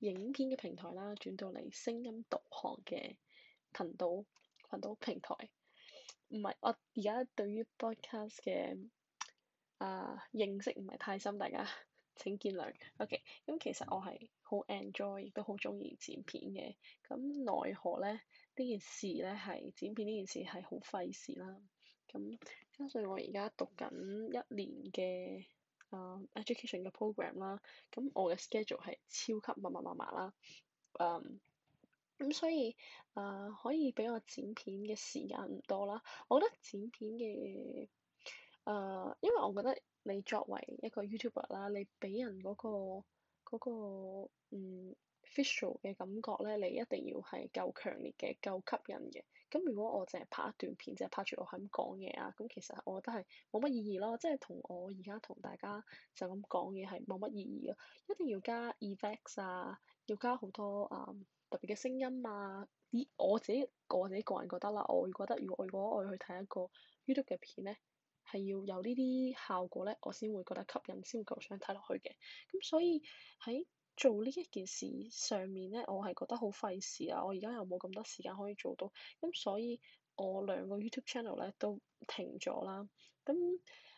影片嘅平台啦，轉到嚟聲音導航嘅頻道頻道平台，唔係我而家對於 podcast 嘅啊、呃、認識唔係太深，大家請見諒。OK，咁、嗯、其實我係好 enjoy 亦都好中意剪片嘅，咁、嗯、奈何咧呢件事咧係剪片呢件事係好費事啦，咁加上我而家讀緊一年嘅。誒、uh, education 嘅 program 啦，咁我嘅 schedule 係超級密密麻麻啦，誒，咁所以誒可以俾我剪片嘅時間唔多啦，我覺得剪片嘅誒，因為我覺得你作為一個 YouTuber 啦，你俾人嗰個嗰個嗯。visual 嘅感覺咧，你一定要係夠強烈嘅、夠吸引嘅。咁如果我淨係拍一段片，就拍住我咁講嘢啊，咁其實我覺得係冇乜意義咯。即係同我而家同大家就咁講嘢係冇乜意義咯。一定要加 effects 啊，要加好多啊、嗯、特別嘅聲音啊啲。我自己我自己個人覺得啦，我會覺得如果，如果我要去睇一個 YouTube 嘅片咧，係要有呢啲效果咧，我先會覺得吸引，先夠想睇落去嘅。咁所以喺做呢一件事上面咧，我係覺得好費事啊！我而家又冇咁多時間可以做到，咁所以我兩個 YouTube channel 咧都停咗啦。咁，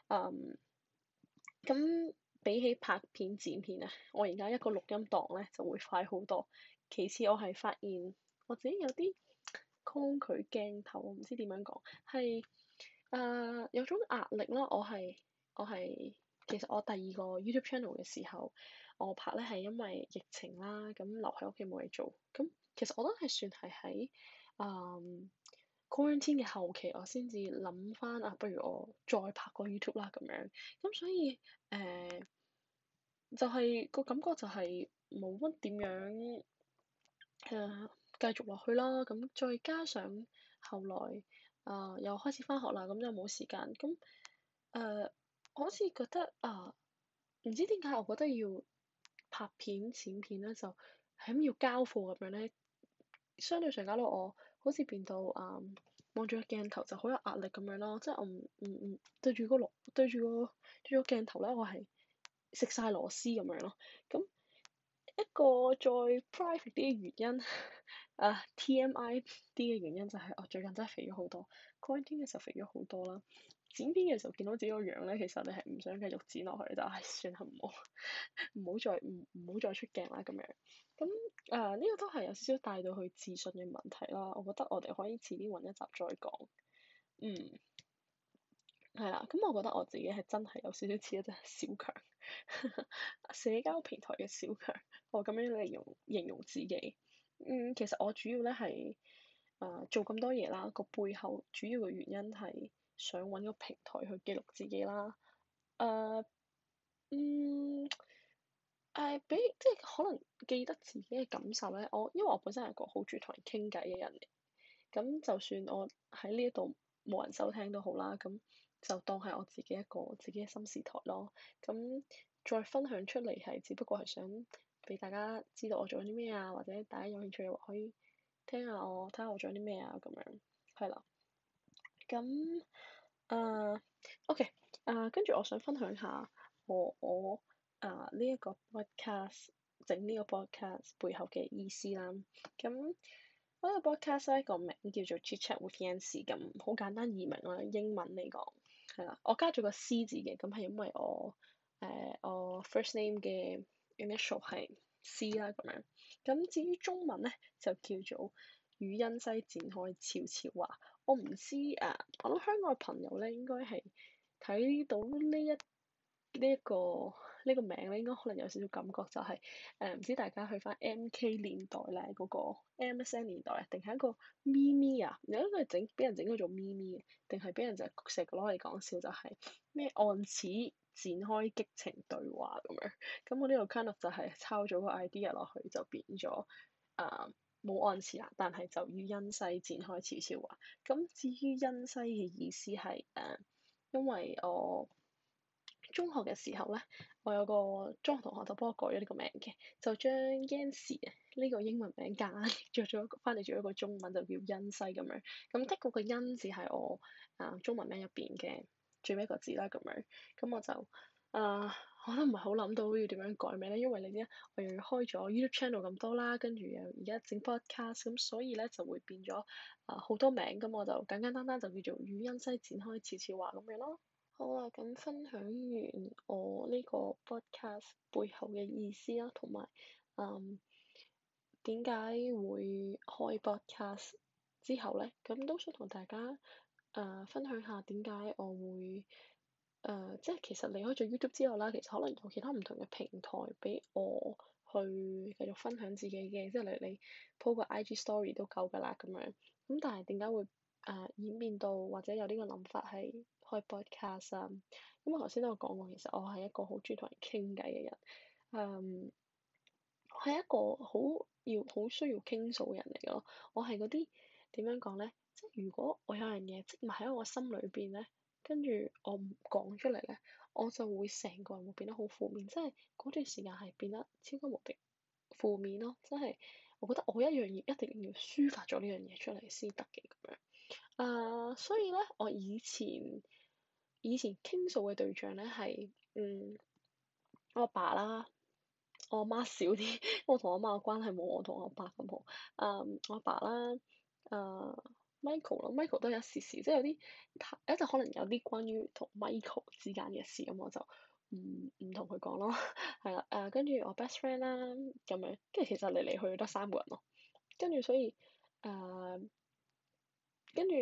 嗯，咁、嗯嗯、比起拍片剪片啊，我而家一個錄音檔咧就會快好多。其次，我係發現我自己有啲抗拒鏡頭，我唔知點樣講，係誒、呃、有種壓力啦。我係我係其實我第二個 YouTube channel 嘅時候。我拍咧係因為疫情啦，咁、嗯、留喺屋企冇嘢做，咁、嗯、其實我都係算係喺啊、呃、quarantine 嘅後期我，我先至諗翻啊，不如我再拍個 YouTube 啦咁樣，咁、嗯、所以誒、呃，就係、是、個感覺就係冇乜點樣誒、呃、繼續落去啦。咁、嗯、再加上後來啊、呃、又開始翻學啦，咁就冇時間，咁、嗯、誒、呃、我好似覺得啊，唔、呃、知點解我覺得要。拍片剪片咧就係咁要交貨咁樣咧，相對上搞到我好似變到誒望住個鏡頭就好有壓力咁樣咯，即係我唔唔唔對住個螺對住個對住個鏡頭咧，我係食晒螺絲咁樣咯，咁、嗯、一個再 private 啲嘅原因，誒、 啊、TMI 啲嘅原因就係、是、我最近真係肥咗好多，過年嘅時候肥咗好多啦。剪片嘅時候見到自己個樣咧，其實你係唔想繼續剪落去，就唉算啦，唔好唔好再唔唔好再出鏡啦咁樣。咁誒呢個都係有少少帶到去自信嘅問題啦。我覺得我哋可以遲啲揾一集再講。嗯。係啦，咁我覺得我自己係真係有少少似一隻小強。 社交平台嘅小強，我咁樣嚟用形容自己。嗯，其實我主要咧係誒做咁多嘢啦，個背後主要嘅原因係。想揾個平台去記錄自己啦，誒、uh，嗯，誒，俾即係可能記得自己嘅感受咧。我因為我本身係一個好中意同人傾偈嘅人嚟，咁就算我喺呢一度冇人收聽都好啦，咁就當係我自己一個自己嘅心事台咯。咁再分享出嚟係，只不過係想俾大家知道我做緊啲咩啊，或者大家有興趣嘅話可以聽下我，睇下我做緊啲咩啊咁樣，係啦。咁誒、啊，OK，誒、啊，跟住我想分享下我我誒呢一個 broadcast 整呢個 broadcast 背後嘅意思啦。咁呢個 broadcast 咧個名叫做 Chit Chat with Yancy，咁好簡單易明啦，英文嚟講係啦。我加咗個 C 字嘅，咁係因為我誒、呃、我 first name 嘅 initial 係 C 啦咁樣。咁至於中文咧，就叫做語音西展開悄悄話。我唔知啊，我諗香港嘅朋友咧，應該係睇到呢一呢一、這個呢、這個名咧，應該可能有少少感覺就係、是、誒，唔、呃、知大家去翻 M K 年代咧，嗰、那個 M S N 年代定係一個咪咪啊？有一個整俾人整叫做咪咪、啊，定係俾人就谷食攞嚟講笑就係、是、咩按此展開激情對話咁樣，咁我呢度 Kind of 就係抄咗個 idea 落去，就變咗啊～、呃冇安時啦，但係就與恩西展開悄悄話。咁至於恩西嘅意思係誒、呃，因為我中學嘅時候咧，我有個中學同學就幫我改咗呢個名嘅，就將 Yancy 呢個英文名夾硬砌咗，翻嚟做一個中文就叫恩西咁樣。咁的確個恩字係我啊、呃、中文名入邊嘅最尾一個字啦，咁樣，咁我就啊～、呃我都唔係好諗到要點樣改名咧，因為你知我又要開咗 YouTube channel 咁多啦，跟住又而家整 podcast，咁所以咧就會變咗啊好多名，咁我就簡簡單單就叫做語音西展開悄悄話咁樣咯。嗯、好啦，咁分享完我呢個 podcast 背後嘅意思啦，同埋嗯點解會開 podcast 之後咧，咁都想同大家誒、呃、分享下點解我會。誒、呃，即係其實離開咗 YouTube 之後啦，其實可能有其他唔同嘅平台俾我去繼續分享自己嘅，即係例如你 po 個 IG Story 都夠㗎啦咁樣。咁但係點解會誒、呃、演變到或者有呢個諗法係開 podcast 啊？咁我頭先都講過，其實我係一個好中意同人傾偈嘅人，誒、嗯，係一個好要好需要傾訴嘅人嚟嘅咯。我係嗰啲點樣講咧？即係如果我有樣嘢積埋喺我心裏邊咧。跟住我講出嚟咧，我就會成個人會變得好負面，即係嗰段時間係變得超級無敵負面咯，即係我覺得我一樣嘢一定要抒發咗呢樣嘢出嚟先得嘅咁樣。誒、呃，所以咧，我以前以前傾訴嘅對象咧係嗯我阿爸啦，我阿媽少啲，我同我阿媽嘅關係冇我同我阿爸咁好。誒、呃，我阿爸啦，誒、呃。Michael 咯，Michael 都有一時時，即係有啲，有一就可能有啲關於同 Michael 之間嘅事，咁我就唔唔同佢講咯，係 啦，啊跟住我 best friend 啦、啊，咁樣，跟住其實嚟嚟去去都三個人咯，跟住所以，誒、呃，跟住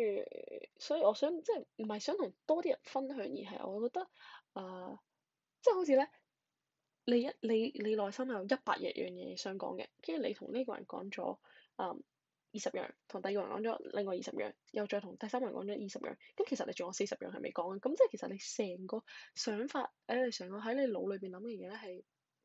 所以我想即係唔係想同多啲人分享，而係我覺得，誒、呃，即係好似咧，你一你你內心有一百樣樣嘢想講嘅，跟住你同呢個人講咗，嗯、呃。二十樣，同第二個人講咗另外二十樣，又再同第三個人講咗二十樣，咁其實你仲有四十樣係未講嘅，咁即係其實你成個想法，成、呃、想喺你腦裏邊諗嘅嘢咧，係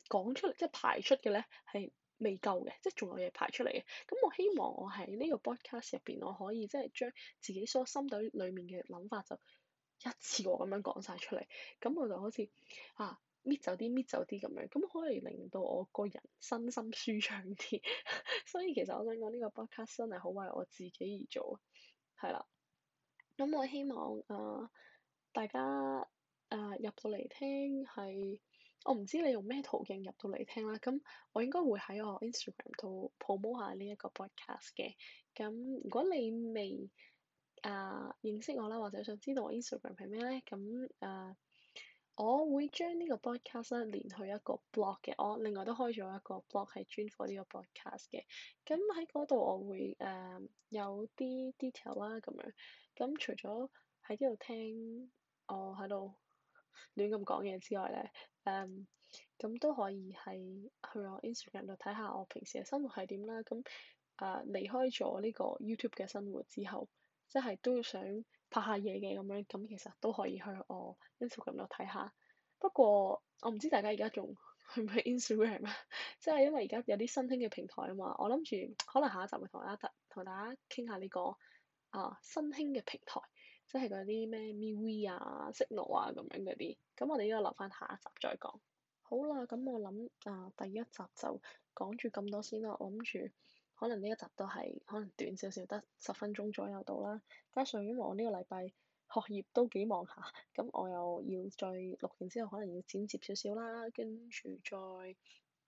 講出嚟，即係排出嘅咧，係未夠嘅，即係仲有嘢排出嚟嘅。咁我希望我喺呢個 broadcast 入邊，我可以即係將自己所心底裏面嘅諗法就一次過咁樣講晒出嚟，咁我就好似啊～搣走啲，搣走啲咁樣，咁可以令到我個人身心舒暢啲。 所以其實我想講呢、這個 broadcast 真係好為我自己而做，係啦。咁我希望誒、呃、大家誒、呃、入到嚟聽係，我唔知你用咩途徑入到嚟聽啦。咁我應該會喺我 Instagram 度 promote 下呢一個 broadcast 嘅。咁如果你未誒、呃、認識我啦，或者想知道我 Instagram 係咩咧，咁誒。呃我會將呢個 podcast 咧連去一個 blog 嘅，我另外都開咗一個 blog 係專 for 呢個 podcast 嘅，咁喺嗰度我會誒、呃、有啲 detail 啦咁樣，咁除咗喺呢度聽我喺度亂咁講嘢之外咧，誒咁都可以係去我 Instagram 度睇下我平時嘅生活係點啦，咁啊、呃、離開咗呢個 YouTube 嘅生活之後，即係都想～拍下嘢嘅咁樣，咁其實都可以去我 Instagram 度睇下。不過我唔知大家而家仲喺唔喺 Instagram 啊？即 係因為而家有啲新興嘅平台啊嘛，我諗住可能下一集會同大家同大家傾下呢個啊新興嘅平台，即係嗰啲咩 MeWe 啊、Signal 啊咁樣嗰啲。咁我哋依家留翻下，下一集再講。好啦，咁我諗啊第一集就講住咁多先啦，我諗住。可能呢一集都係可能短少少，得十分鐘左右到啦。加上因為我呢個禮拜學業都幾忙下，咁我又要再錄完之後可能要剪接少少啦，跟住再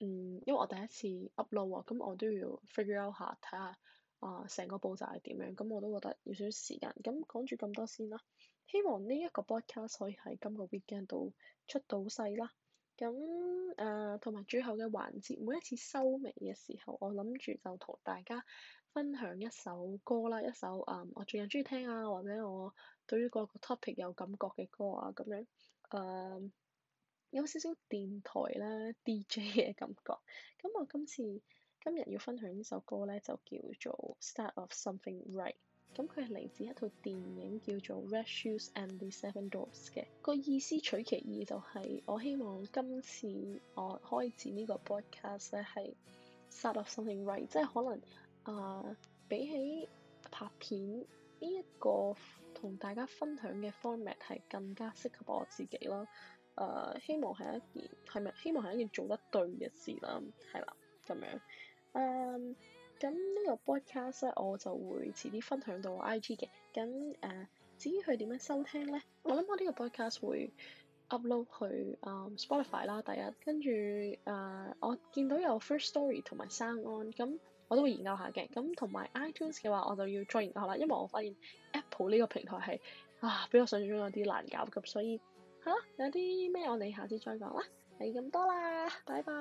嗯，因為我第一次 upload 喎，咁我都要 figure out 下睇下啊成個步驟係點樣，咁我都覺得要少少時間。咁講住咁多先啦，希望呢一個 broadcast 可以喺今個 weekend 度出到世啦～咁誒同埋最後嘅環節，每一次收尾嘅時候，我諗住就同大家分享一首歌啦，一首誒、嗯、我最近中意聽啊，或者我對於個 topic 有感覺嘅歌啊，咁樣誒、嗯，有少少電台啦、DJ 嘅感覺。咁我今次今日要分享呢首歌咧，就叫做 Start of Something Right。咁佢係嚟自一套電影叫做《Red Shoes and the Seven Dwarfs》嘅，個意思取其二就係、是、我希望今次我開展呢個 broadcast 咧係 start of something right，即係可能啊、呃、比起拍片呢一、這個同大家分享嘅 format 係更加適合我自己啦。誒希望係一件係咪？希望係一,一件做得對嘅事啦，係啦咁樣。嗯、呃。咁呢個 podcast 咧，我就會遲啲分享到 IG 嘅。咁誒、呃，至於佢點樣收聽咧，我諗我呢個 podcast 會 upload 去啊、嗯、Spotify 啦，第一。跟住誒，我見到有 First Story 同埋生安，咁我都會研究下嘅。咁同埋 iTunes 嘅話，我就要 j 研究下啦，因為我發現 Apple 呢個平台係啊比較上中有啲難搞，咁所以嚇有啲咩我哋下次再講啦。係咁多啦，拜拜。